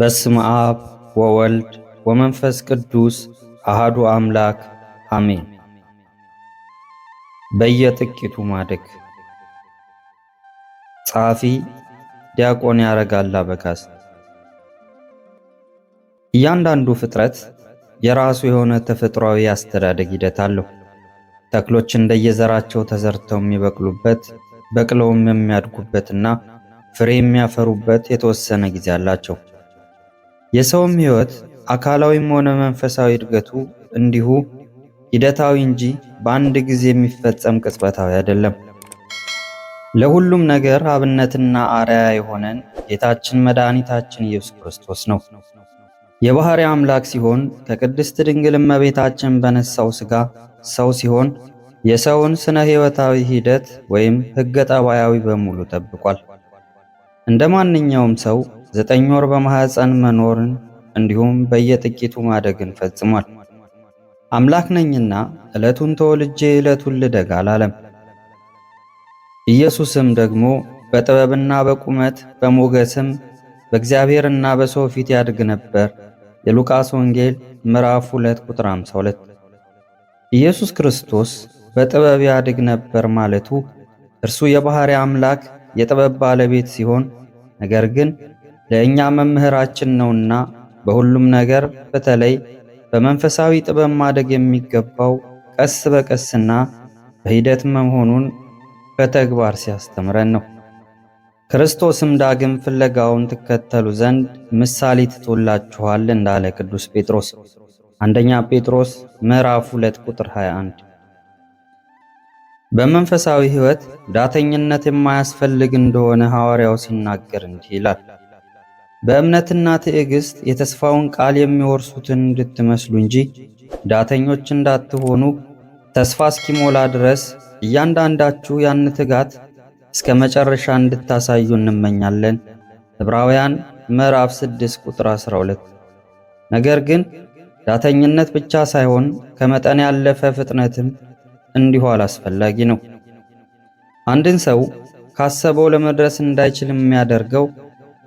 በስም አብ ወወልድ ወመንፈስ ቅዱስ አሃዱ አምላክ አሜን። በየጥቂቱ ማደግ። ጸሐፊ ዲያቆን ያረጋል አበጋዝ። እያንዳንዱ ፍጥረት የራሱ የሆነ ተፈጥሯዊ አስተዳደግ ሂደት አለው። ተክሎች እንደየዘራቸው ተዘርተው የሚበቅሉበት በቅለውም የሚያድጉበትና ፍሬ የሚያፈሩበት የተወሰነ ጊዜ አላቸው። የሰውም ሕይወት አካላዊም ሆነ መንፈሳዊ እድገቱ እንዲሁ ሂደታዊ እንጂ በአንድ ጊዜ የሚፈጸም ቅጽበታዊ አይደለም። ለሁሉም ነገር አብነትና አርያ የሆነን ጌታችን መድኃኒታችን ኢየሱስ ክርስቶስ ነው። የባህሪ አምላክ ሲሆን ከቅድስት ድንግል እመቤታችን በነሳው ሥጋ ሰው ሲሆን የሰውን ስነ ሕይወታዊ ሂደት ወይም ሕገ ጠባያዊ በሙሉ ጠብቋል። እንደ ማንኛውም ሰው ዘጠኝ ወር በማህፀን መኖርን እንዲሁም በየጥቂቱ ማደግን ፈጽሟል። አምላክ ነኝና ዕለቱን ተወልጄ ዕለቱን ልደግ አላለም። ኢየሱስም ደግሞ በጥበብና በቁመት በሞገስም በእግዚአብሔርና በሰው ፊት ያድግ ነበር። የሉቃስ ወንጌል ምዕራፍ 2 ቁጥር 52። ኢየሱስ ክርስቶስ በጥበብ ያድግ ነበር ማለቱ እርሱ የባሕርይ አምላክ የጥበብ ባለቤት ሲሆን ነገር ግን ለእኛ መምህራችን ነውና በሁሉም ነገር በተለይ በመንፈሳዊ ጥበብ ማደግ የሚገባው ቀስ በቀስና በሂደት መሆኑን በተግባር ሲያስተምረን ነው። ክርስቶስም ዳግም ፍለጋውን ትከተሉ ዘንድ ምሳሌ ትቶላችኋል እንዳለ ቅዱስ ጴጥሮስ አንደኛ ጴጥሮስ ምዕራፍ 2 ቁጥር 21። በመንፈሳዊ ሕይወት ዳተኝነት የማያስፈልግ እንደሆነ ሐዋርያው ሲናገር እንዲህ ይላል በእምነትና ትዕግስት የተስፋውን ቃል የሚወርሱትን እንድትመስሉ እንጂ ዳተኞች እንዳትሆኑ ተስፋ እስኪሞላ ድረስ እያንዳንዳችሁ ያን ትጋት እስከ መጨረሻ እንድታሳዩ እንመኛለን። ዕብራውያን ምዕራፍ 6 ቁጥር 12። ነገር ግን ዳተኝነት ብቻ ሳይሆን ከመጠን ያለፈ ፍጥነትም እንዲሁ አላስፈላጊ ነው። አንድን ሰው ካሰበው ለመድረስ እንዳይችል የሚያደርገው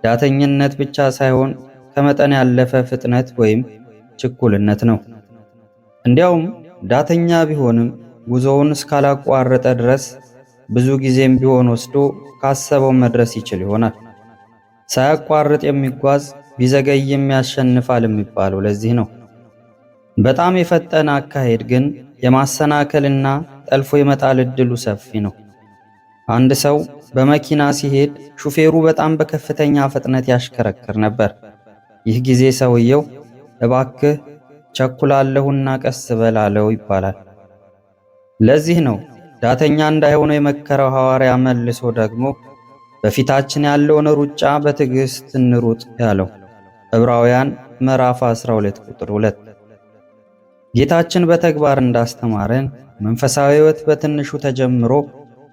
ዳተኝነት ብቻ ሳይሆን ከመጠን ያለፈ ፍጥነት ወይም ችኩልነት ነው። እንዲያውም ዳተኛ ቢሆንም ጉዞውን እስካላቋረጠ ድረስ ብዙ ጊዜም ቢሆን ወስዶ ካሰበው መድረስ ይችል ይሆናል። ሳያቋርጥ የሚጓዝ ቢዘገይም ያሸንፋል የሚባለው ለዚህ ነው። በጣም የፈጠነ አካሄድ ግን የማሰናከልና ጠልፎ ይመጣል እድሉ ሰፊ ነው። አንድ ሰው በመኪና ሲሄድ ሹፌሩ በጣም በከፍተኛ ፍጥነት ያሽከረክር ነበር። ይህ ጊዜ ሰውየው እባክህ ቸኩላለሁና ቀስ በላለው ይባላል። ለዚህ ነው ዳተኛ እንዳይሆነ የመከረው ሐዋርያ መልሶ ደግሞ በፊታችን ያለውን ሩጫ በትዕግስት እንሩጥ ያለው ዕብራውያን ምዕራፍ 12 ቁጥር 2። ጌታችን በተግባር እንዳስተማረን መንፈሳዊ ሕይወት በትንሹ ተጀምሮ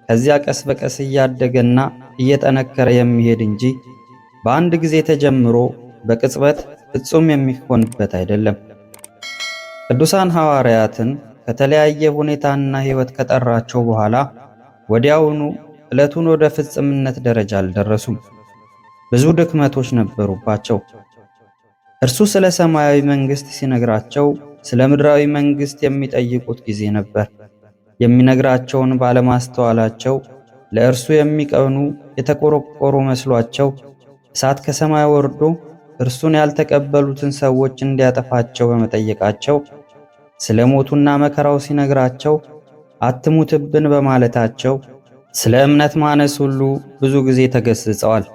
ከዚያ ቀስ በቀስ እያደገና እየጠነከረ የሚሄድ እንጂ በአንድ ጊዜ ተጀምሮ በቅጽበት ፍጹም የሚሆንበት አይደለም። ቅዱሳን ሐዋርያትን ከተለያየ ሁኔታና ሕይወት ከጠራቸው በኋላ ወዲያውኑ ዕለቱን ወደ ፍጽምነት ደረጃ አልደረሱም። ብዙ ድክመቶች ነበሩባቸው። እርሱ ስለ ሰማያዊ መንግሥት ሲነግራቸው ስለ ምድራዊ መንግሥት የሚጠይቁት ጊዜ ነበር። የሚነግራቸውን ባለማስተዋላቸው ለእርሱ የሚቀኑ የተቆረቆሩ መስሏቸው እሳት ከሰማይ ወርዶ እርሱን ያልተቀበሉትን ሰዎች እንዲያጠፋቸው በመጠየቃቸው ስለ ሞቱና መከራው ሲነግራቸው አትሙትብን በማለታቸው ስለ እምነት ማነስ ሁሉ ብዙ ጊዜ ተገስጸዋል።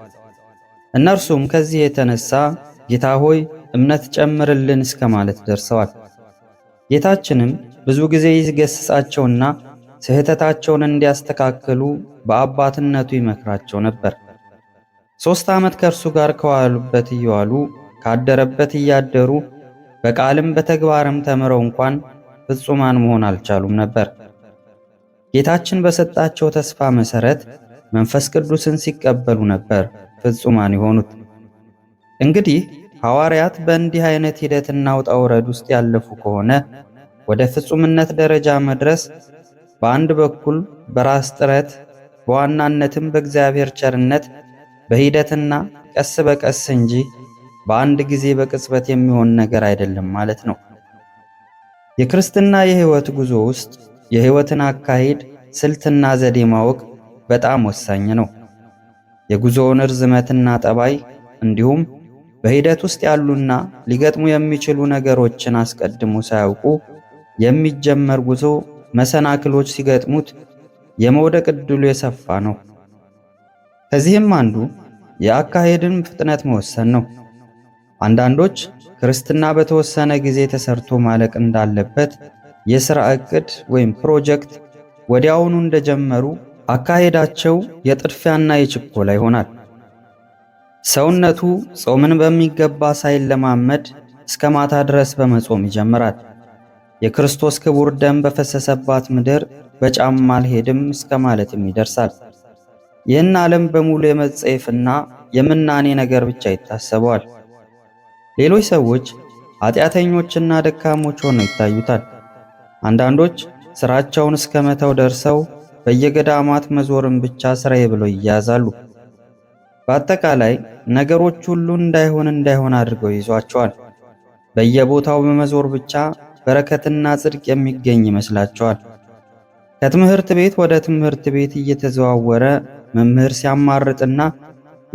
እነርሱም ከዚህ የተነሳ ጌታ ሆይ እምነት ጨምርልን እስከ ማለት ደርሰዋል። ጌታችንም ብዙ ጊዜ ይገስጻቸውና ስህተታቸውን እንዲያስተካክሉ በአባትነቱ ይመክራቸው ነበር። ሦስት ዓመት ከእርሱ ጋር ከዋሉበት እየዋሉ ካደረበት እያደሩ በቃልም በተግባርም ተምረው እንኳን ፍጹማን መሆን አልቻሉም ነበር። ጌታችን በሰጣቸው ተስፋ መሠረት መንፈስ ቅዱስን ሲቀበሉ ነበር ፍጹማን የሆኑት። እንግዲህ ሐዋርያት በእንዲህ አይነት ሂደትና ውጣ ውረድ ውስጥ ያለፉ ከሆነ ወደ ፍጹምነት ደረጃ መድረስ በአንድ በኩል በራስ ጥረት በዋናነትም በእግዚአብሔር ቸርነት በሂደትና ቀስ በቀስ እንጂ በአንድ ጊዜ በቅጽበት የሚሆን ነገር አይደለም ማለት ነው። የክርስትና የህይወት ጉዞ ውስጥ የህይወትን አካሄድ ስልትና ዘዴ ማወቅ በጣም ወሳኝ ነው። የጉዞውን ርዝመትና ጠባይ እንዲሁም በሂደት ውስጥ ያሉና ሊገጥሙ የሚችሉ ነገሮችን አስቀድሞ ሳያውቁ የሚጀመር ጉዞ መሰናክሎች ሲገጥሙት የመውደቅ ዕድሉ የሰፋ ነው። ከዚህም አንዱ የአካሄድን ፍጥነት መወሰን ነው። አንዳንዶች ክርስትና በተወሰነ ጊዜ ተሰርቶ ማለቅ እንዳለበት የሥራ ዕቅድ ወይም ፕሮጀክት ወዲያውኑ እንደጀመሩ አካሄዳቸው የጥድፊያና የችኮላ ይሆናል። ሰውነቱ ጾምን በሚገባ ሳይለማመድ እስከ ማታ ድረስ በመጾም ይጀምራል። የክርስቶስ ክቡር ደም በፈሰሰባት ምድር በጫማ አልሄድም እስከ ማለትም ይደርሳል። ይህን ዓለም በሙሉ የመጸየፍና የምናኔ ነገር ብቻ ይታሰበዋል። ሌሎች ሰዎች ኃጢአተኞችና ደካሞች ሆነው ይታዩታል። አንዳንዶች ስራቸውን እስከ መተው ደርሰው በየገዳማት መዞርን ብቻ ስራዬ ብለው ይያዛሉ። በአጠቃላይ ነገሮች ሁሉ እንዳይሆን እንዳይሆን አድርገው ይዟቸዋል። በየቦታው በመዞር ብቻ በረከትና ጽድቅ የሚገኝ ይመስላቸዋል። ከትምህርት ቤት ወደ ትምህርት ቤት እየተዘዋወረ መምህር ሲያማርጥና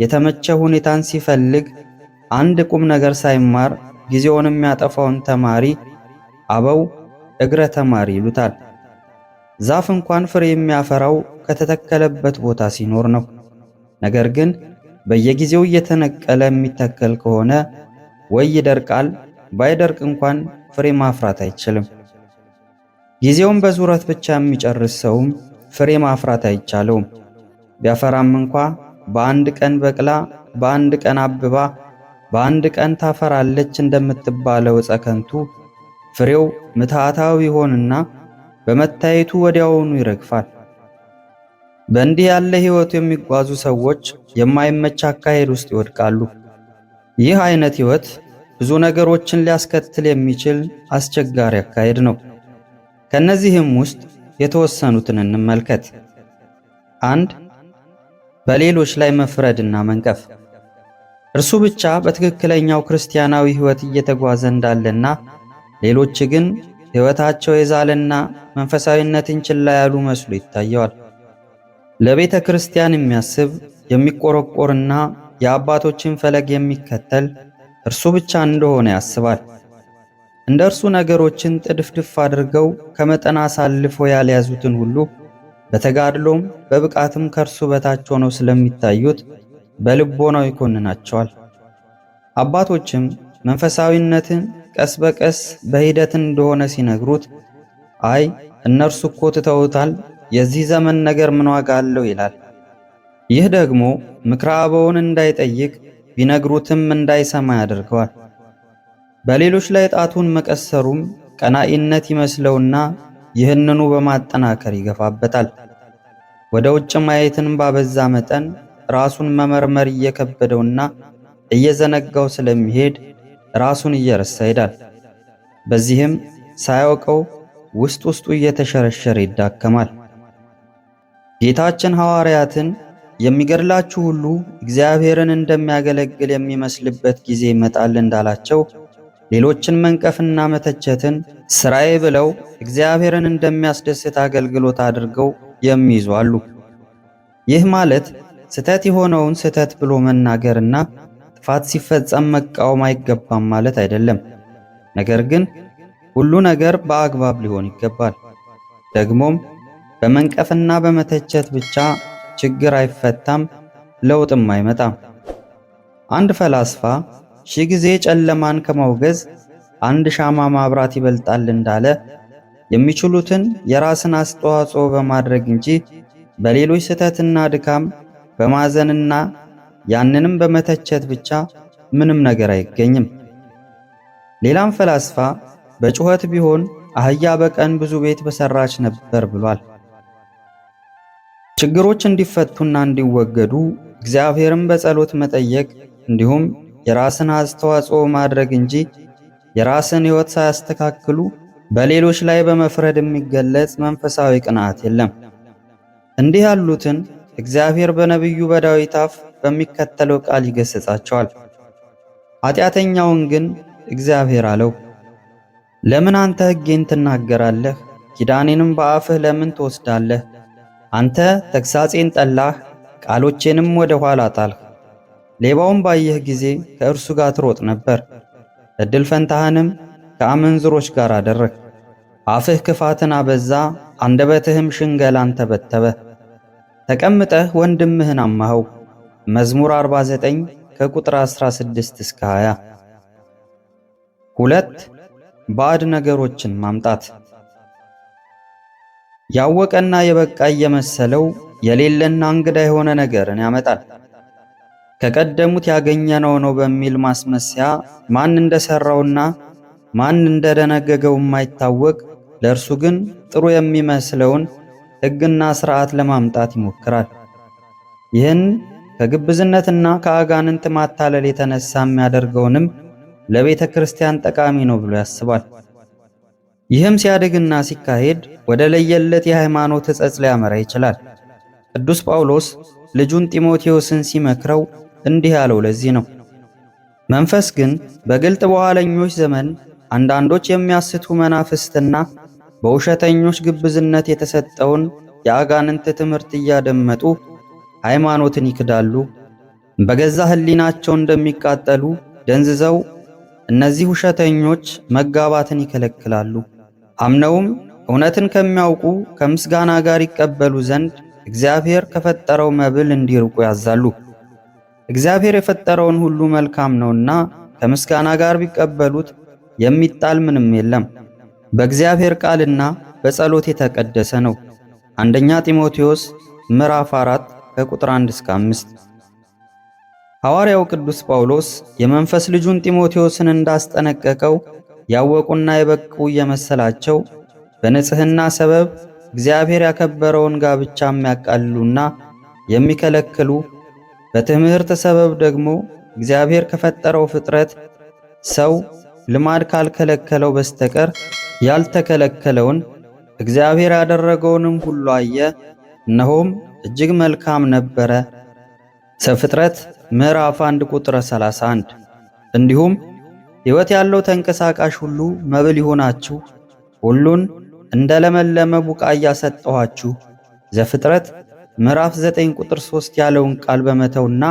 የተመቸ ሁኔታን ሲፈልግ አንድ ቁም ነገር ሳይማር ጊዜውን የሚያጠፋውን ተማሪ አበው እግረ ተማሪ ይሉታል። ዛፍ እንኳን ፍሬ የሚያፈራው ከተተከለበት ቦታ ሲኖር ነው። ነገር ግን በየጊዜው እየተነቀለ የሚተከል ከሆነ ወይ ይደርቃል ባይደርቅ እንኳን ፍሬ ማፍራት አይችልም። ጊዜውን በዙረት ብቻ የሚጨርስ ሰውም ፍሬ ማፍራት አይቻለውም። ቢያፈራም እንኳ በአንድ ቀን በቅላ በአንድ ቀን አብባ በአንድ ቀን ታፈራለች እንደምትባለው ዕፀ ከንቱ ፍሬው ምትሃታዊ ይሆንና በመታየቱ ወዲያውኑ ይረግፋል። በእንዲህ ያለ ሕይወቱ የሚጓዙ ሰዎች የማይመች አካሄድ ውስጥ ይወድቃሉ። ይህ አይነት ሕይወት ብዙ ነገሮችን ሊያስከትል የሚችል አስቸጋሪ አካሄድ ነው። ከነዚህም ውስጥ የተወሰኑትን እንመልከት። አንድ በሌሎች ላይ መፍረድና መንቀፍ። እርሱ ብቻ በትክክለኛው ክርስቲያናዊ ሕይወት እየተጓዘ እንዳለና ሌሎች ግን ሕይወታቸው የዛለና መንፈሳዊነትን ችላ ያሉ መስሎ ይታየዋል። ለቤተ ክርስቲያን የሚያስብ የሚቆረቆርና የአባቶችን ፈለግ የሚከተል እርሱ ብቻ እንደሆነ ያስባል። እንደ እርሱ ነገሮችን ጥድፍድፍ አድርገው ከመጠን አሳልፎ ያልያዙትን ሁሉ በተጋድሎም በብቃትም ከእርሱ በታች ሆነው ስለሚታዩት በልቦናው ይኮንናቸዋል። አባቶችም መንፈሳዊነትን ቀስ በቀስ በሂደት እንደሆነ ሲነግሩት፣ አይ እነርሱ እኮ ትተውታል፣ የዚህ ዘመን ነገር ምን ዋጋ አለው ይላል። ይህ ደግሞ ምክረ አበውን እንዳይጠይቅ ቢነግሩትም እንዳይሰማ ያደርገዋል። በሌሎች ላይ ጣቱን መቀሰሩም ቀናኢነት ይመስለውና ይህንኑ በማጠናከር ይገፋበታል። ወደ ውጭ ማየትን ባበዛ መጠን ራሱን መመርመር እየከበደውና እየዘነጋው ስለሚሄድ ራሱን እየረሳ ይሄዳል። በዚህም ሳያውቀው ውስጥ ውስጡ እየተሸረሸረ ይዳከማል። ጌታችን ሐዋርያትን የሚገድላችሁ ሁሉ እግዚአብሔርን እንደሚያገለግል የሚመስልበት ጊዜ ይመጣል እንዳላቸው ሌሎችን መንቀፍና መተቸትን ስራዬ ብለው እግዚአብሔርን እንደሚያስደስት አገልግሎት አድርገው የሚይዙ አሉ። ይህ ማለት ስህተት የሆነውን ስህተት ብሎ መናገርና ጥፋት ሲፈጸም መቃወም አይገባም ማለት አይደለም። ነገር ግን ሁሉ ነገር በአግባብ ሊሆን ይገባል። ደግሞም በመንቀፍና በመተቸት ብቻ ችግር አይፈታም፣ ለውጥም አይመጣም። አንድ ፈላስፋ ሺህ ጊዜ ጨለማን ከማውገዝ አንድ ሻማ ማብራት ይበልጣል እንዳለ የሚችሉትን የራስን አስተዋጽኦ በማድረግ እንጂ በሌሎች ስህተትና ድካም በማዘንና ያንንም በመተቸት ብቻ ምንም ነገር አይገኝም። ሌላም ፈላስፋ በጩኸት ቢሆን አህያ በቀን ብዙ ቤት በሰራች ነበር ብሏል። ችግሮች እንዲፈቱና እንዲወገዱ እግዚአብሔርን በጸሎት መጠየቅ እንዲሁም የራስን አስተዋጽኦ ማድረግ እንጂ የራስን ሕይወት ሳያስተካክሉ በሌሎች ላይ በመፍረድ የሚገለጽ መንፈሳዊ ቅንዓት የለም። እንዲህ ያሉትን እግዚአብሔር በነቢዩ በዳዊት አፍ በሚከተለው ቃል ይገሥጻቸዋል። ኃጢአተኛውን ግን እግዚአብሔር አለው፣ ለምን አንተ ሕጌን ትናገራለህ? ኪዳኔንም በአፍህ ለምን ትወስዳለህ? አንተ ተግሣጼን ጠላህ፣ ቃሎቼንም ወደ ኋላ ጣልህ። ሌባውን ባየህ ጊዜ ከእርሱ ጋር ትሮጥ ነበር፣ እድል ፈንታህንም ከአመንዝሮች ጋር አደረግ። አፍህ ክፋትን አበዛ፣ አንደበትህም ሽንገላን ተበተበ። ተቀምጠህ ወንድምህን አማኸው። መዝሙር 49 ከቁጥር 16 እስከ 20። ሁለት ባዕድ ነገሮችን ማምጣት ያወቀና የበቃ እየመሰለው የሌለና እንግዳ የሆነ ነገርን ያመጣል። ከቀደሙት ያገኘነው ነው በሚል ማስመሰያ ማን እንደሰራውና ማን እንደደነገገው የማይታወቅ ለእርሱ ግን ጥሩ የሚመስለውን ሕግና ሥርዓት ለማምጣት ይሞክራል። ይህን ከግብዝነትና ከአጋንንት ማታለል የተነሳ የሚያደርገውንም ለቤተ ክርስቲያን ጠቃሚ ነው ብሎ ያስባል። ይህም ሲያድግና ሲካሄድ ወደ ለየለት የሃይማኖት ዕጸጽ ሊያመራ ይችላል። ቅዱስ ጳውሎስ ልጁን ጢሞቴዎስን ሲመክረው እንዲህ ያለው ለዚህ ነው። መንፈስ ግን በግልጥ በኋለኞች ዘመን አንዳንዶች የሚያስቱ መናፍስትና በውሸተኞች ግብዝነት የተሰጠውን የአጋንንት ትምህርት እያደመጡ ሃይማኖትን ይክዳሉ፣ በገዛ ሕሊናቸው እንደሚቃጠሉ ደንዝዘው እነዚህ ውሸተኞች መጋባትን ይከለክላሉ። አምነውም እውነትን ከሚያውቁ ከምስጋና ጋር ይቀበሉ ዘንድ እግዚአብሔር ከፈጠረው መብል እንዲርቁ ያዛሉ። እግዚአብሔር የፈጠረውን ሁሉ መልካም ነውና ከምስጋና ጋር ቢቀበሉት የሚጣል ምንም የለም። በእግዚአብሔር ቃልና በጸሎት የተቀደሰ ነው። አንደኛ ጢሞቴዎስ ምዕራፍ 4 ከቁጥር 1 እስከ 5። ሐዋርያው ቅዱስ ጳውሎስ የመንፈስ ልጁን ጢሞቴዎስን እንዳስጠነቀቀው ያወቁና የበቁ እየመሰላቸው በንጽህና ሰበብ እግዚአብሔር ያከበረውን ጋብቻ የሚያቃልሉና የሚከለክሉ በትምህርት ሰበብ ደግሞ እግዚአብሔር ከፈጠረው ፍጥረት ሰው ልማድ ካልከለከለው በስተቀር ያልተከለከለውን እግዚአብሔር ያደረገውንም ሁሉ አየ፣ እነሆም እጅግ መልካም ነበረ። ዘፍጥረት ምዕራፍ 1 ቁጥር 31 እንዲሁም ሕይወት ያለው ተንቀሳቃሽ ሁሉ መብል ይሆናችሁ። ሁሉን እንደ ለመለመ ቡቃያ ሰጠኋችሁ። ዘፍጥረት ምዕራፍ 9 ቁጥር 3 ያለውን ቃል በመተውና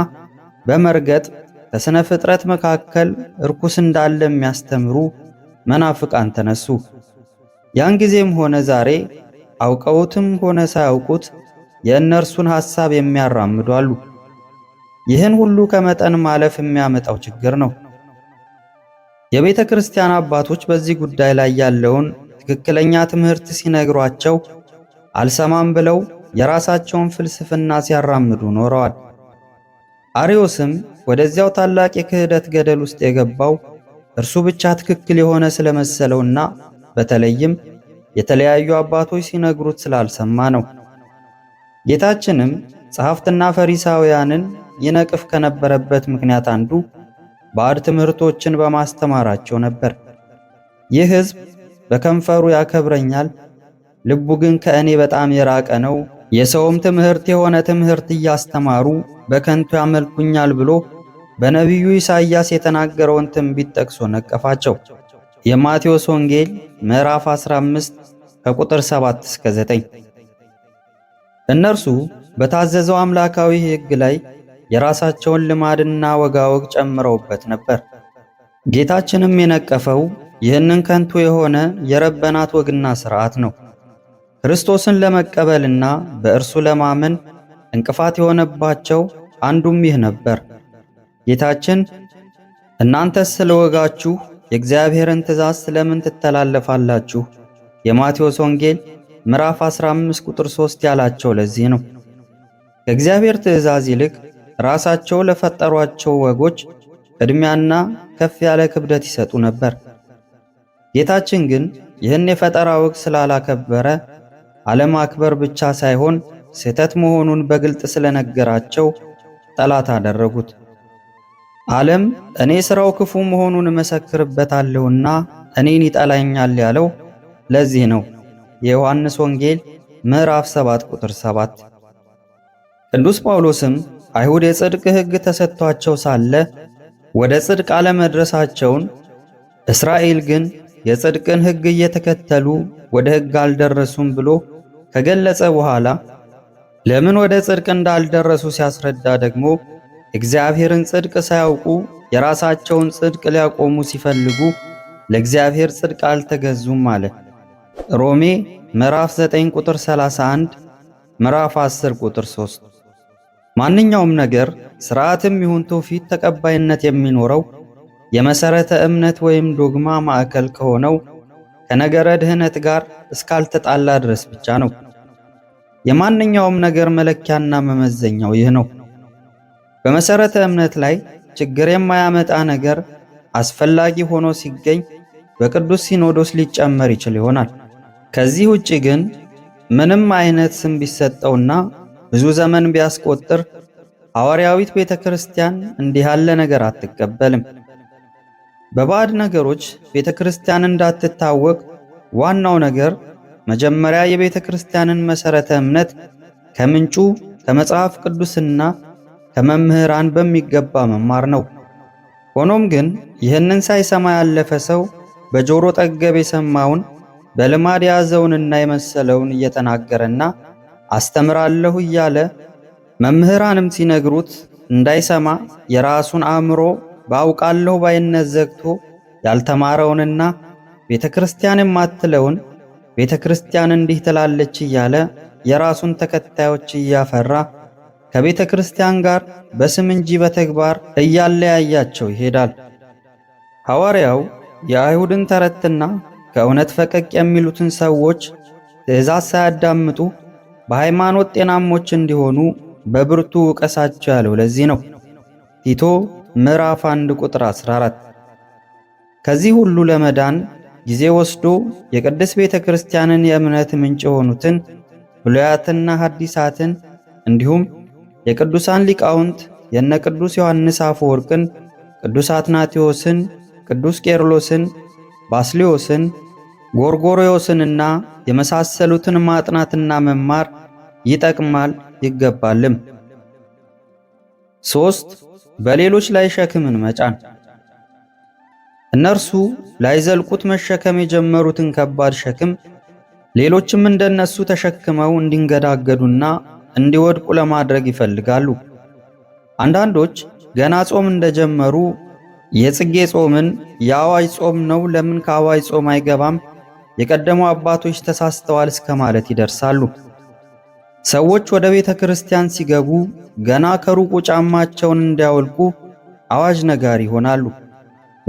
በመርገጥ ከሥነ ፍጥረት መካከል እርኩስ እንዳለ የሚያስተምሩ መናፍቃን ተነሱ። ያን ጊዜም ሆነ ዛሬ አውቀውትም ሆነ ሳያውቁት የእነርሱን ሐሳብ የሚያራምዱ አሉ። ይህን ሁሉ ከመጠን ማለፍ የሚያመጣው ችግር ነው። የቤተ ክርስቲያን አባቶች በዚህ ጉዳይ ላይ ያለውን ትክክለኛ ትምህርት ሲነግሯቸው አልሰማም ብለው የራሳቸውን ፍልስፍና ሲያራምዱ ኖረዋል። አሪዮስም ወደዚያው ታላቅ የክህደት ገደል ውስጥ የገባው እርሱ ብቻ ትክክል የሆነ ስለመሰለውና በተለይም የተለያዩ አባቶች ሲነግሩት ስላልሰማ ነው። ጌታችንም ጸሐፍትና ፈሪሳውያንን ይነቅፍ ከነበረበት ምክንያት አንዱ ባዕድ ትምህርቶችን በማስተማራቸው ነበር። ይህ ሕዝብ በከንፈሩ ያከብረኛል፣ ልቡ ግን ከእኔ በጣም የራቀ ነው፣ የሰውም ትምህርት የሆነ ትምህርት እያስተማሩ በከንቱ ያመልኩኛል ብሎ በነቢዩ ኢሳይያስ የተናገረውን ትንቢት ጠቅሶ ነቀፋቸው። የማቴዎስ ወንጌል ምዕራፍ 15 ከቁጥር 7 እስከ 9። እነርሱ በታዘዘው አምላካዊ ሕግ ላይ የራሳቸውን ልማድና ወጋወግ ጨምረውበት ነበር። ጌታችንም የነቀፈው ይህንን ከንቱ የሆነ የረበናት ወግና ሥርዓት ነው። ክርስቶስን ለመቀበልና በእርሱ ለማመን እንቅፋት የሆነባቸው አንዱም ይህ ነበር። ጌታችን እናንተስ ስለ ወጋችሁ የእግዚአብሔርን ትእዛዝ ስለምን ትተላለፋላችሁ? የማቴዎስ ወንጌል ምዕራፍ 15 ቁጥር 3 ያላቸው ለዚህ ነው። ከእግዚአብሔር ትእዛዝ ይልቅ ራሳቸው ለፈጠሯቸው ወጎች ቅድሚያና ከፍ ያለ ክብደት ይሰጡ ነበር። ጌታችን ግን ይህን የፈጠራ ወግ ስላላከበረ አለማክበር ብቻ ሳይሆን ስህተት መሆኑን በግልጥ ስለነገራቸው ጠላት አደረጉት። ዓለም እኔ ሥራው ክፉ መሆኑን እመሰክርበታለሁና እኔን ይጠላኛል ያለው ለዚህ ነው። የዮሐንስ ወንጌል ምዕራፍ 7 ቁጥር 7 ቅዱስ ጳውሎስም አይሁድ የጽድቅ ሕግ ተሰጥቷቸው ሳለ ወደ ጽድቅ አለመድረሳቸውን፣ እስራኤል ግን የጽድቅን ሕግ እየተከተሉ ወደ ሕግ አልደረሱም ብሎ ከገለጸ በኋላ ለምን ወደ ጽድቅ እንዳልደረሱ ሲያስረዳ ደግሞ እግዚአብሔርን ጽድቅ ሳያውቁ የራሳቸውን ጽድቅ ሊያቆሙ ሲፈልጉ ለእግዚአብሔር ጽድቅ አልተገዙም አለ። ሮሜ ምዕራፍ 9 ቁጥር 31፣ ምዕራፍ 10 ቁጥር 3 ማንኛውም ነገር ስርዓትም ይሁን ትውፊት ተቀባይነት የሚኖረው የመሰረተ እምነት ወይም ዶግማ ማዕከል ከሆነው ከነገረ ድህነት ጋር እስካልተጣላ ድረስ ብቻ ነው። የማንኛውም ነገር መለኪያና መመዘኛው ይህ ነው። በመሰረተ እምነት ላይ ችግር የማያመጣ ነገር አስፈላጊ ሆኖ ሲገኝ በቅዱስ ሲኖዶስ ሊጨመር ይችል ይሆናል። ከዚህ ውጪ ግን ምንም አይነት ስም ቢሰጠውና ብዙ ዘመን ቢያስቆጥር ሐዋርያዊት ቤተ ክርስቲያን እንዲህ ያለ ነገር አትቀበልም። በባዕድ ነገሮች ቤተ ክርስቲያን እንዳትታወቅ ዋናው ነገር መጀመሪያ የቤተ ክርስቲያንን መሠረተ እምነት ከምንጩ ከመጽሐፍ ቅዱስና ከመምህራን በሚገባ መማር ነው። ሆኖም ግን ይህንን ሳይሰማ ያለፈ ሰው በጆሮ ጠገብ የሰማውን በልማድ የያዘውንና የመሰለውን እየተናገረና አስተምራለሁ እያለ መምህራንም ሲነግሩት እንዳይሰማ የራሱን አእምሮ በአውቃለሁ ባይነት ዘግቶ ያልተማረውንና ቤተ ክርስቲያን የማትለውን ቤተ ክርስቲያን እንዲህ ትላለች እያለ የራሱን ተከታዮች እያፈራ ከቤተ ክርስቲያን ጋር በስም እንጂ በተግባር እያለያያቸው ይሄዳል። ሐዋርያው የአይሁድን ተረትና ከእውነት ፈቀቅ የሚሉትን ሰዎች ትእዛዝ ሳያዳምጡ በሃይማኖት ጤናሞች እንዲሆኑ በብርቱ ውቀሳቸው ያለው ለዚህ ነው። ቲቶ ምዕራፍ 1 ቁጥር 14። ከዚህ ሁሉ ለመዳን ጊዜ ወስዶ የቅድስት ቤተ ክርስቲያንን የእምነት ምንጭ የሆኑትን ብሉያትና ሐዲሳትን እንዲሁም የቅዱሳን ሊቃውንት የነ ቅዱስ ዮሐንስ አፈወርቅን፣ ቅዱስ አትናቴዎስን፣ ቅዱስ ቄርሎስን፣ ባስሊዮስን፣ ጎርጎሮዮስንና የመሳሰሉትን ማጥናትና መማር ይጠቅማል ይገባልም። ሶስት በሌሎች ላይ ሸክምን መጫን እነርሱ ላይዘልቁት መሸከም የጀመሩትን ከባድ ሸክም ሌሎችም እንደነሱ ተሸክመው እንዲንገዳገዱና እንዲወድቁ ለማድረግ ይፈልጋሉ። አንዳንዶች ገና ጾም እንደጀመሩ የጽጌ ጾምን የአዋጅ ጾም ነው፣ ለምን ከአዋጅ ጾም አይገባም፣ የቀደሙ አባቶች ተሳስተዋል እስከ ማለት ይደርሳሉ። ሰዎች ወደ ቤተ ክርስቲያን ሲገቡ ገና ከሩቁ ጫማቸውን እንዲያወልቁ አዋጅ ነጋሪ ይሆናሉ።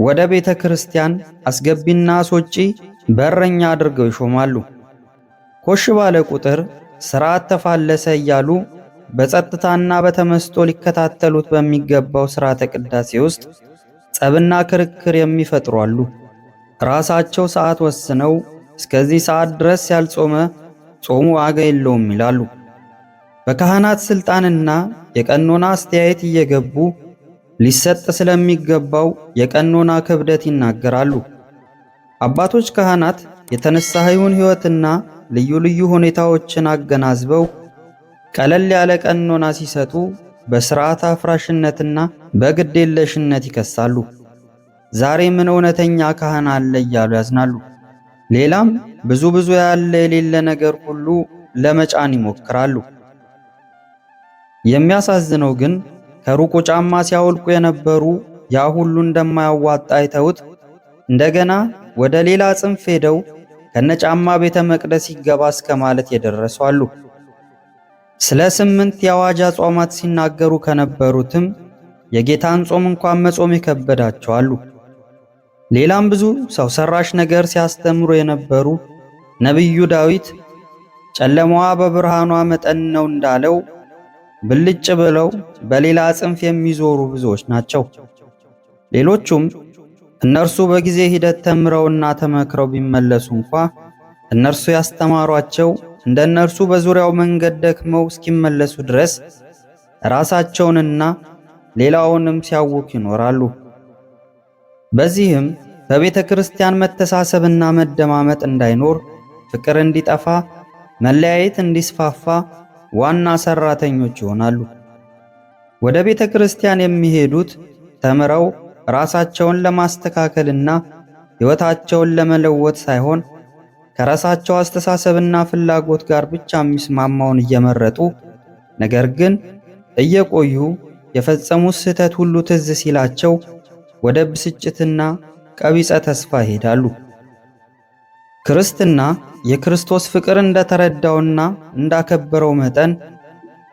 ወደ ቤተ ክርስቲያን አስገቢና አስወጪ በረኛ አድርገው ይሾማሉ። ኮሽ ባለ ቁጥር ሥርዓት ተፋለሰ እያሉ በጸጥታና በተመስጦ ሊከታተሉት በሚገባው ሥርዓተ ቅዳሴ ውስጥ ጸብና ክርክር የሚፈጥሩ አሉ። ራሳቸው ሰዓት ወስነው እስከዚህ ሰዓት ድረስ ያልጾመ ጾሙ ዋጋ የለውም ይላሉ። በካህናት ስልጣንና የቀኖና አስተያየት እየገቡ ሊሰጥ ስለሚገባው የቀኖና ክብደት ይናገራሉ። አባቶች ካህናት የተነሳሂውን ሕይወትና ልዩ ልዩ ሁኔታዎችን አገናዝበው ቀለል ያለ ቀኖና ሲሰጡ በስርዓት አፍራሽነትና በግዴለሽነት ይከሳሉ። ዛሬ ምን እውነተኛ ካህን አለ እያሉ ያዝናሉ። ሌላም ብዙ ብዙ ያለ የሌለ ነገር ሁሉ ለመጫን ይሞክራሉ። የሚያሳዝነው ግን ከሩቁ ጫማ ሲያወልቁ የነበሩ ያ ሁሉ እንደማያዋጣ አይተውት እንደገና ወደ ሌላ ጽንፍ ሄደው ከነጫማ ቤተ መቅደስ ይገባ እስከ ማለት የደረሱ አሉ። ስለ ስምንት የአዋጅ አጽዋማት ሲናገሩ ከነበሩትም የጌታን ጾም እንኳን መጾም የከበዳቸው አሉ። ሌላም ብዙ ሰው ሰራሽ ነገር ሲያስተምሩ የነበሩ ነቢዩ ዳዊት ጨለማዋ በብርሃኗ መጠን ነው እንዳለው ብልጭ ብለው በሌላ ጽንፍ የሚዞሩ ብዙዎች ናቸው። ሌሎቹም እነርሱ በጊዜ ሂደት ተምረውና ተመክረው ቢመለሱ እንኳ እነርሱ ያስተማሯቸው እንደ እነርሱ በዙሪያው መንገድ ደክመው እስኪመለሱ ድረስ ራሳቸውንና ሌላውንም ሲያውቁ ይኖራሉ። በዚህም በቤተ ክርስቲያን መተሳሰብና መደማመጥ እንዳይኖር፣ ፍቅር እንዲጠፋ፣ መለያየት እንዲስፋፋ ዋና ሰራተኞች ይሆናሉ። ወደ ቤተ ክርስቲያን የሚሄዱት ተምረው ራሳቸውን ለማስተካከልና ሕይወታቸውን ለመለወጥ ሳይሆን ከራሳቸው አስተሳሰብና ፍላጎት ጋር ብቻ የሚስማማውን እየመረጡ ነገር ግን እየቆዩ የፈጸሙት ስህተት ሁሉ ትዝ ሲላቸው ወደ ብስጭትና ቀቢጸ ተስፋ ይሄዳሉ። ክርስትና የክርስቶስ ፍቅር እንደተረዳውና እንዳከበረው መጠን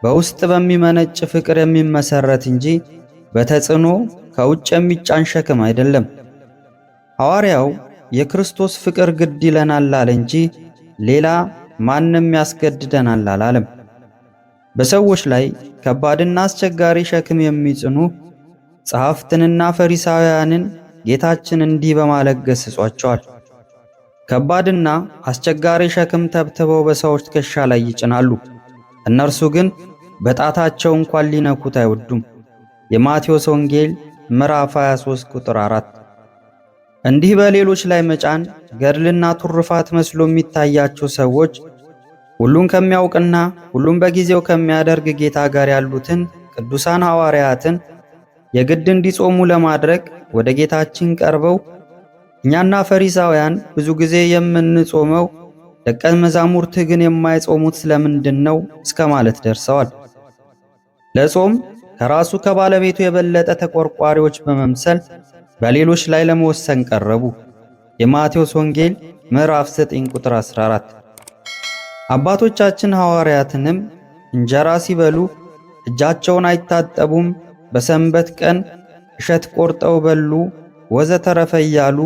በውስጥ በሚመነጭ ፍቅር የሚመሰረት እንጂ በተጽዕኖ ከውጭ የሚጫን ሸክም አይደለም። ሐዋርያው የክርስቶስ ፍቅር ግድ ይለናል አለ እንጂ ሌላ ማንም ያስገድደናል አላለም። በሰዎች ላይ ከባድና አስቸጋሪ ሸክም የሚጽኑ ጸሐፍትንና ፈሪሳውያንን ጌታችን እንዲህ በማለት ገስጿቸዋል። ከባድና አስቸጋሪ ሸክም ተብትበው በሰዎች ትከሻ ላይ ይጭናሉ። እነርሱ ግን በጣታቸው እንኳን ሊነኩት አይወዱም። የማቴዎስ ወንጌል ምዕራፍ 23 ቁጥር 4። እንዲህ በሌሎች ላይ መጫን ገድልና ቱርፋት መስሎ የሚታያቸው ሰዎች ሁሉን ከሚያውቅና ሁሉን በጊዜው ከሚያደርግ ጌታ ጋር ያሉትን ቅዱሳን ሐዋርያትን የግድ እንዲጾሙ ለማድረግ ወደ ጌታችን ቀርበው እኛና ፈሪሳውያን ብዙ ጊዜ የምንጾመው ደቀ መዛሙርትህ ግን የማይጾሙት ስለምንድን ነው እስከ ማለት ደርሰዋል። ለጾም ከራሱ ከባለቤቱ የበለጠ ተቆርቋሪዎች በመምሰል በሌሎች ላይ ለመወሰን ቀረቡ። የማቴዎስ ወንጌል ምዕራፍ 9 ቁጥር 14። አባቶቻችን ሐዋርያትንም እንጀራ ሲበሉ እጃቸውን አይታጠቡም፣ በሰንበት ቀን እሸት ቆርጠው በሉ፣ ወዘተረፈ እያሉ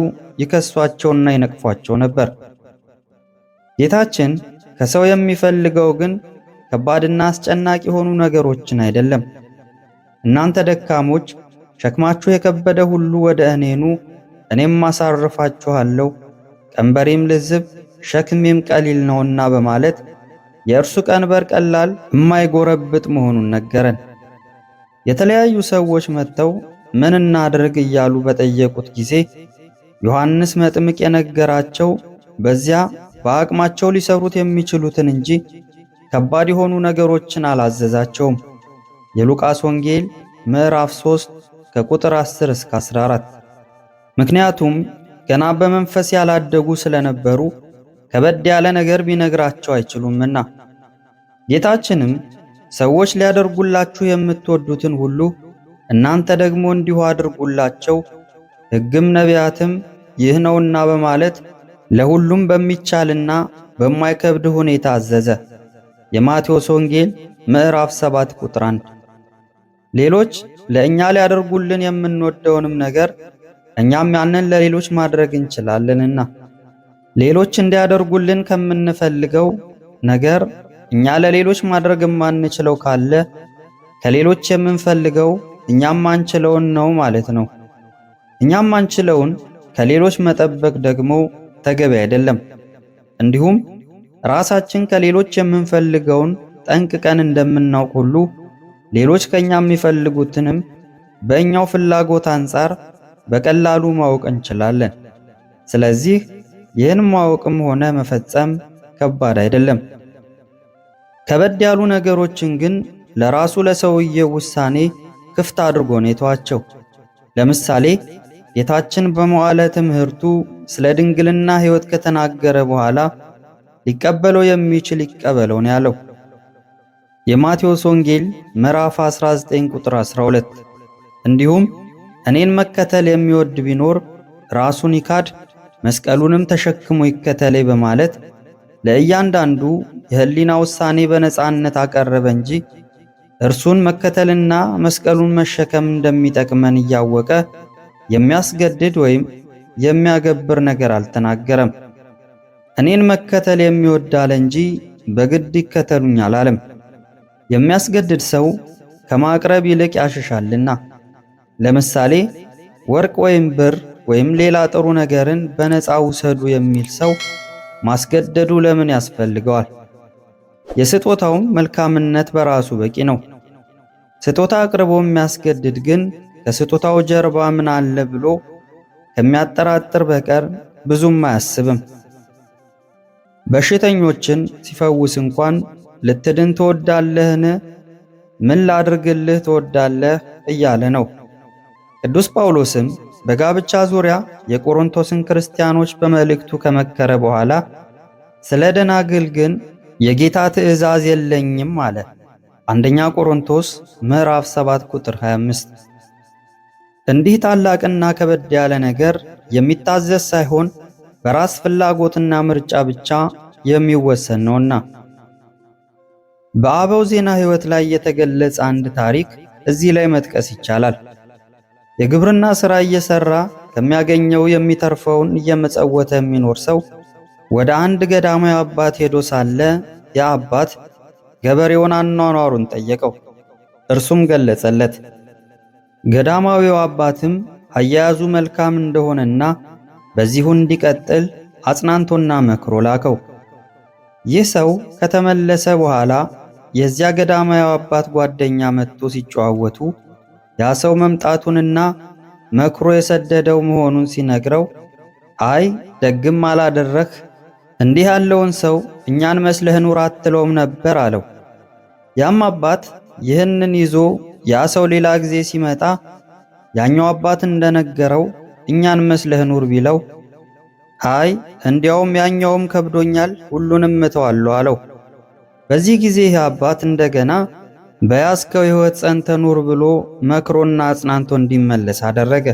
ይከሷቸውና ይነቅፏቸው ነበር። ጌታችን ከሰው የሚፈልገው ግን ከባድና አስጨናቂ የሆኑ ነገሮችን አይደለም። እናንተ ደካሞች ሸክማችሁ የከበደ ሁሉ ወደ እኔ ኑ፣ እኔም አሳርፋችኋለሁ፣ ቀንበሬም ልዝብ ሸክሜም ቀሊል ነውና በማለት የእርሱ ቀንበር ቀላል የማይጎረብጥ መሆኑን ነገረን። የተለያዩ ሰዎች መጥተው ምን እናድርግ እያሉ በጠየቁት ጊዜ ዮሐንስ መጥምቅ የነገራቸው በዚያ በአቅማቸው ሊሰሩት የሚችሉትን እንጂ ከባድ የሆኑ ነገሮችን አላዘዛቸውም። የሉቃስ ወንጌል ምዕራፍ 3 ከቁጥር 10 እስከ 14። ምክንያቱም ገና በመንፈስ ያላደጉ ስለነበሩ ከበድ ያለ ነገር ቢነግራቸው አይችሉምና። ጌታችንም ሰዎች ሊያደርጉላችሁ የምትወዱትን ሁሉ እናንተ ደግሞ እንዲሁ አድርጉላቸው ሕግም ነቢያትም ይህ ነውና በማለት ለሁሉም በሚቻልና በማይከብድ ሁኔታ አዘዘ። የማቴዎስ ወንጌል ምዕራፍ 7 ቁጥር 1። ሌሎች ለእኛ ሊያደርጉልን የምንወደውንም ነገር እኛም ያንን ለሌሎች ማድረግ እንችላለንና ሌሎች እንዲያደርጉልን ከምንፈልገው ነገር እኛ ለሌሎች ማድረግ የማንችለው ካለ ከሌሎች የምንፈልገው እኛም አንችለውን ነው ማለት ነው። እኛም አንችለውን ከሌሎች መጠበቅ ደግሞ ተገቢ አይደለም። እንዲሁም ራሳችን ከሌሎች የምንፈልገውን ጠንቅቀን እንደምናውቅ ሁሉ ሌሎች ከኛ የሚፈልጉትንም በእኛው ፍላጎት አንጻር በቀላሉ ማወቅ እንችላለን። ስለዚህ ይህን ማወቅም ሆነ መፈጸም ከባድ አይደለም። ከበድ ያሉ ነገሮችን ግን ለራሱ ለሰውየው ውሳኔ ክፍት አድርጎ ነው የተዋቸው። ለምሳሌ ጌታችን በመዋለ ትምህርቱ ስለ ድንግልና ሕይወት ከተናገረ በኋላ ሊቀበለው የሚችል ይቀበለው ነው ያለው። የማቴዎስ ወንጌል ምዕራፍ 19 ቁጥር 12 እንዲሁም እኔን መከተል የሚወድ ቢኖር ራሱን ይካድ መስቀሉንም ተሸክሞ ይከተለኝ በማለት ለእያንዳንዱ የህሊና ውሳኔ በነጻነት አቀረበ እንጂ እርሱን መከተልና መስቀሉን መሸከም እንደሚጠቅመን እያወቀ የሚያስገድድ ወይም የሚያገብር ነገር አልተናገረም። እኔን መከተል የሚወድ አለ እንጂ በግድ ይከተሉኝ አላለም። የሚያስገድድ ሰው ከማቅረብ ይልቅ ያሸሻልና። ለምሳሌ ወርቅ ወይም ብር ወይም ሌላ ጥሩ ነገርን በነፃ ውሰዱ የሚል ሰው ማስገደዱ ለምን ያስፈልገዋል? የስጦታውም መልካምነት በራሱ በቂ ነው። ስጦታ አቅርቦ የሚያስገድድ ግን ከስጦታው ጀርባ ምን አለ ብሎ ከሚያጠራጥር በቀር ብዙም አያስብም። በሽተኞችን ሲፈውስ እንኳን ልትድን ትወዳለህን? ምን ላድርግልህ ትወዳለህ? እያለ ነው። ቅዱስ ጳውሎስም በጋብቻ ዙሪያ የቆሮንቶስን ክርስቲያኖች በመልእክቱ ከመከረ በኋላ ስለ ደናግል ግን የጌታ ትእዛዝ የለኝም አለ። አንደኛ ቆሮንቶስ ምዕራፍ 7 ቁጥር 25 እንዲህ ታላቅና ከበድ ያለ ነገር የሚታዘዝ ሳይሆን በራስ ፍላጎትና ምርጫ ብቻ የሚወሰን ነውና። በአበው ዜና ሕይወት ላይ የተገለጸ አንድ ታሪክ እዚህ ላይ መጥቀስ ይቻላል። የግብርና ሥራ እየሠራ ከሚያገኘው የሚተርፈውን እየመጸወተ የሚኖር ሰው ወደ አንድ ገዳማዊ አባት ሄዶ ሳለ ያ አባት ገበሬውን አኗኗሩን ጠየቀው፣ እርሱም ገለጸለት። ገዳማዊው አባትም አያያዙ መልካም እንደሆነና በዚሁ እንዲቀጥል አጽናንቶና መክሮ ላከው። ይህ ሰው ከተመለሰ በኋላ የዚያ ገዳማዊው አባት ጓደኛ መጥቶ ሲጨዋወቱ ያ ሰው መምጣቱንና መክሮ የሰደደው መሆኑን ሲነግረው አይ ደግም አላደረክ፣ እንዲህ ያለውን ሰው እኛን መስለህ ኑር አትለውም ነበር አለው። ያም አባት ይህንን ይዞ ያ ሰው ሌላ ጊዜ ሲመጣ ያኛው አባት እንደነገረው እኛን መስለህ ኑር ቢለው አይ እንዲያውም ያኛውም ከብዶኛል፣ ሁሉንም እተዋለሁ አለው። በዚህ ጊዜ ይህ አባት እንደገና በያዝከው ሕይወት ጸንተ ኑር ብሎ መክሮና አጽናንቶ እንዲመለስ አደረገ።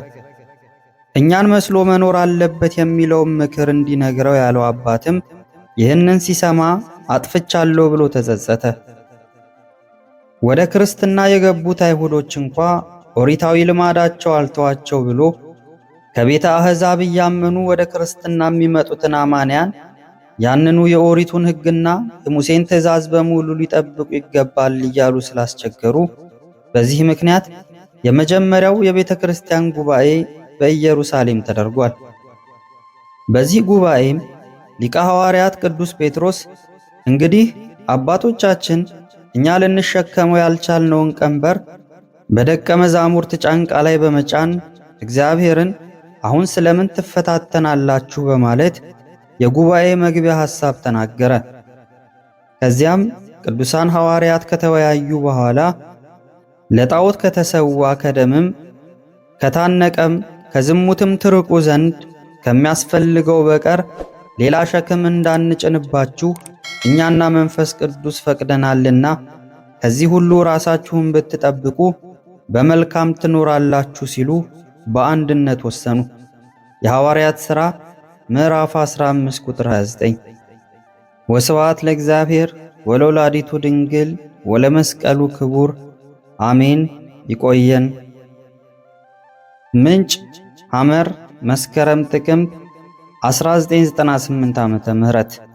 እኛን መስሎ መኖር አለበት የሚለውን ምክር እንዲነግረው ያለው አባትም ይህንን ሲሰማ አጥፍቻለሁ ብሎ ተጸጸተ። ወደ ክርስትና የገቡት አይሁዶች እንኳ ኦሪታዊ ልማዳቸው አልተዋቸው ብሎ ከቤተ አሕዛብ እያመኑ ወደ ክርስትና የሚመጡትን አማንያን ያንኑ የኦሪቱን ሕግና የሙሴን ትእዛዝ በሙሉ ሊጠብቁ ይገባል እያሉ ስላስቸገሩ በዚህ ምክንያት የመጀመሪያው የቤተ ክርስቲያን ጉባኤ በኢየሩሳሌም ተደርጓል። በዚህ ጉባኤም ሊቀ ሐዋርያት ቅዱስ ጴጥሮስ እንግዲህ አባቶቻችን እኛ ልንሸከመው ያልቻልነውን ቀንበር በደቀ መዛሙርት ጫንቃ ላይ በመጫን እግዚአብሔርን አሁን ስለምን ትፈታተናላችሁ በማለት የጉባኤ መግቢያ ሐሳብ ተናገረ። ከዚያም ቅዱሳን ሐዋርያት ከተወያዩ በኋላ ለጣዖት ከተሰዋ ከደምም ከታነቀም ከዝሙትም ትርቁ ዘንድ ከሚያስፈልገው በቀር ሌላ ሸክም እንዳንጭንባችሁ እኛና መንፈስ ቅዱስ ፈቅደናልና ከዚህ ሁሉ ራሳችሁን ብትጠብቁ በመልካም ትኖራላችሁ ሲሉ በአንድነት ወሰኑ። የሐዋርያት ሥራ ምዕራፍ 15 ቁጥር 29። ወስብሐት ለእግዚአብሔር ወለወላዲቱ ድንግል ወለመስቀሉ ክቡር አሜን። ይቆየን። ምንጭ ሐመር መስከረም ጥቅምት 1998 ዓ.ም